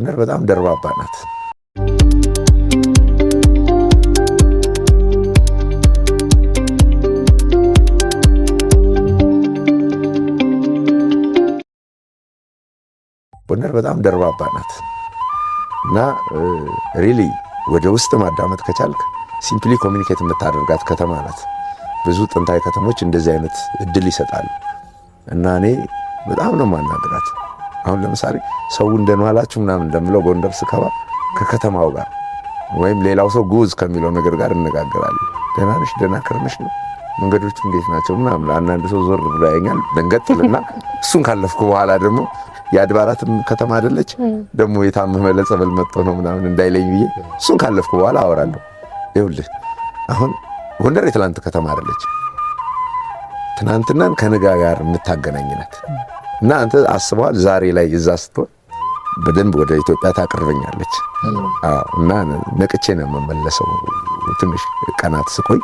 ጎንደር በጣም ደርባባ ናት። ጎንደር በጣም ደርባባ ናት እና ሪሊ ወደ ውስጥ ማዳመጥ ከቻልክ ሲምፕሊ ኮሚኒኬት የምታደርጋት ከተማ ናት። ብዙ ጥንታዊ ከተሞች እንደዚህ አይነት እድል ይሰጣል እና እኔ በጣም ነው ማናገራቸው አሁን ለምሳሌ ሰው አላችሁ ምናምን እንደምለው ጎንደር ስከባ ከከተማው ጋር ወይም ሌላው ሰው ጉዝ ከሚለው ነገር ጋር እነጋገራለን። ደህና ነሽ፣ ደህና ነው፣ መንገዶቹ እንዴት ናቸው ምናምን። አንዳንድ ሰው ዞር ብሎ ያኛል ደንገጥልና እሱን ካለፍኩ በኋላ ደግሞ የአድባራትም ከተማ አይደለች ደግሞ የታመመ ለጸበል መጥቶ ነው ምናምን እንዳይለኝ ብዬ እሱን ካለፍኩ በኋላ አወራለሁ። ይኸውልህ አሁን ጎንደር የትላንት ከተማ አይደለች፣ ትናንትናን ከነጋ ጋር የምታገናኝናት እና አንተ አስበዋል ዛሬ ላይ እዛ ስትሆን በደንብ ወደ ኢትዮጵያ ታቀርበኛለች እና ነቅቼ ነው የምመለሰው። ትንሽ ቀናት ስቆይ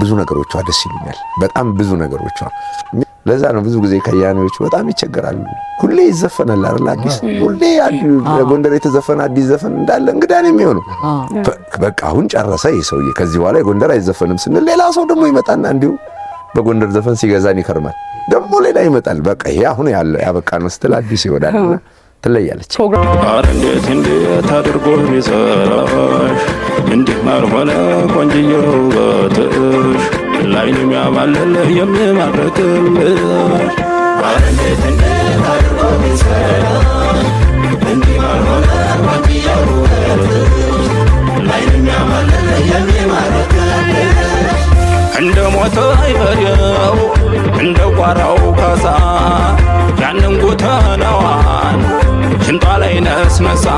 ብዙ ነገሮቿ ደስ ይሉኛል። በጣም ብዙ ነገሮቿ። ለዛ ነው ብዙ ጊዜ ከያኔዎች በጣም ይቸገራሉ። ሁሌ ይዘፈናል አይደል? አዲስ ሁሌ ጎንደር የተዘፈነ አዲስ ዘፈን እንዳለ እንግዳ ነው የሚሆነው። በቃ አሁን ጨረሰ ይህ ሰውዬ፣ ከዚህ በኋላ የጎንደር አይዘፈንም ስንል ሌላ ሰው ደግሞ ይመጣና እንዲሁ በጎንደር ዘፈን ሲገዛን ይከርማል። ደግሞ ሌላ ይመጣል። በቃ ይሄ አሁን ያለ ያበቃ ነው ስትል አዲስ ይወዳል ትለያለች። እንዴት እንዴት አድርጎ ሚሰራሽ እንዲህ ማርሆነ ቆንጅዬ ውበትሽ ላይን የሚያማልልህ የሚማርክልሽ እንዴት እንዴት አድርጎ ሚሰራ እንደ ሞተ አይፈሬው እንደ ቋራው ካሳ ያንን ጎተናዋን ሽንጧ ላይ ነስነሳ